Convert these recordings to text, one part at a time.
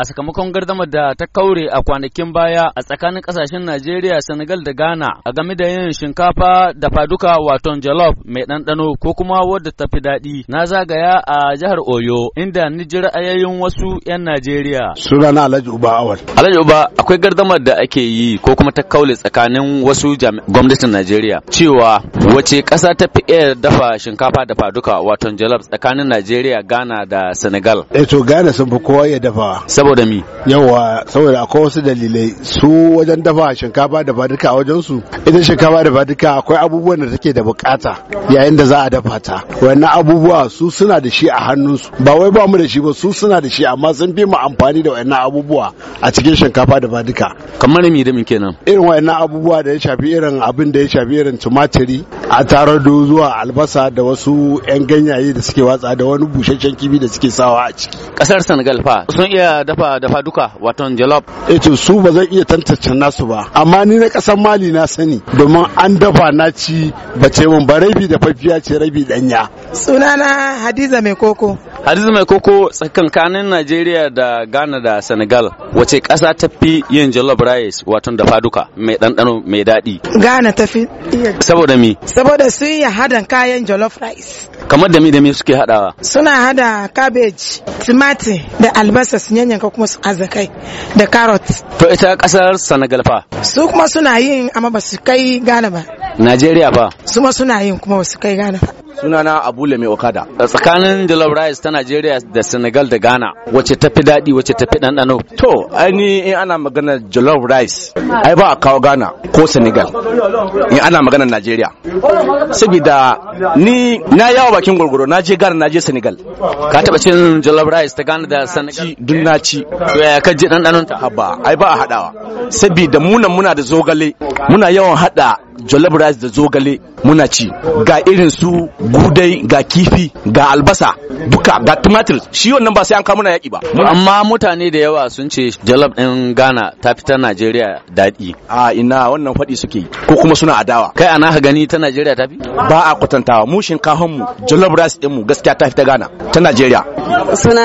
a sakamakon gardama da ta kaure a kwanakin baya a tsakanin kasashen Najeriya, Senegal da Ghana a game da yin shinkafa da faduka wato jollof mai ɗanɗano ko kuma wadda ta fi daɗi. Na zagaya a jihar Oyo inda ni ji ra'ayoyin wasu 'yan Najeriya. Sunana Alhaji Uba Awal. Alhaji Uba akwai gardamar da ake yi ko kuma ta kaule tsakanin wasu gwamnatin Najeriya cewa wace ƙasa ta fi iya dafa shinkafa da faduka wato jollof tsakanin Najeriya, Ghana da Senegal. Eh to Ghana sun fi kowa ya dafawa. saboda mi yawa saboda akwai wasu dalilai su wajen dafa shinkafa da fadika a wajen su idan shinkafa da fadika akwai abubuwan da take da bukata yayin da za a dafa ta wannan abubuwa su suna da shi a hannunsu ba wai ba mu da shi ba su suna da shi amma sun fi mu amfani da wannan abubuwa a cikin shinkafa da fadika kamar mi da mi kenan irin wannan abubuwa da ya shafi irin abin da ya shafi irin tumatiri a tarar da zuwa albasa da wasu 'yan ganyaye da suke watsa da wani busasshen kibi da suke sawa a ciki kasar senegal fa sun iya dafa dafa duka wato jalof eto eh su ba zan iya tantance nasu ba amma ni na kasar mali na sani domin an dafa na ci bace mun ba rabi da fafiya ce rabi danya sunana hadiza mai koko Hadiza mai koko tsakankanin Najeriya da Ghana da Senegal wace ƙasa ta fi yin jollof rice wato da faduka mai ɗanɗano mai daɗi. Ghana ta fi iya. Saboda mi? Saboda su iya hadan kayan jollof rice. Kamar da mi da mi suke hadawa? Suna hada cabbage, timati da albasa su yanyanka kuma su azakai da carrot. To ita ƙasar Senegal fa? Su kuma suna yin amma ba su kai Ghana ba. Najeriya fa? Su ma suna yin kuma ba su kai Ghana ba. sunana abu lame okada tsakanin jollof rice ta Nigeria da senegal da ghana wacce ta fi daɗi wacce ta fi ɗanɗano to ni in ana magana jollof rice ai ba a kawo ghana ko senegal in ana magana najeriya saboda ni na yawo bakin gwargwaro na je ghana na je senegal ka taɓa cin jollof rice ta ghana da senegal dun na ci to ka je ɗanɗanon ta haba ai ba a haɗawa saboda munan muna da zogale muna yawan haɗa jollof rice da zogale muna ci ga irin su gudai ga kifi ga albasa duka ga tumatir shi wannan ba sai an kawo muna yaki ba amma mutane da yawa sun ce jollof din Ghana ta fita ta Najeriya daɗi a ina wannan fadi suke ko kuma suna adawa kai ana ka gani ta Najeriya ta fi ba a kwatantawa mu shinkafin mu jollof rice din mu gaskiya ta fita ta Ghana ta Najeriya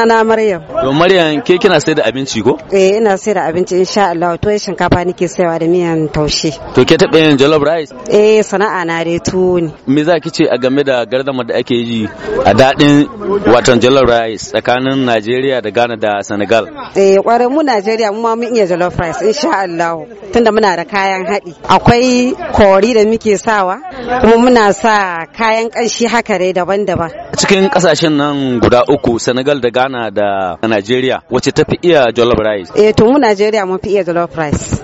na Maryam to Maryam ke kina sai da abinci ko eh ina sai da abinci insha Allah to shinkafa nake saiwa da miyan taushe to ke taɓa yin jollof rice rice eh sana'a na dai tuni. ne me za ki ce a game da gardama da ake yi a daɗin watan jollof rice tsakanin Najeriya da Ghana da Senegal eh kwarai mu Najeriya mu ma mun iya jollof rice insha Allah tunda muna da kayan haɗi akwai kori da muke sawa kuma muna sa kayan ƙanshi haka dai daban-daban cikin kasashen nan guda uku Senegal da Ghana da Najeriya wacce ta fi iya jollof rice eh to mu Najeriya mun fi iya jollof rice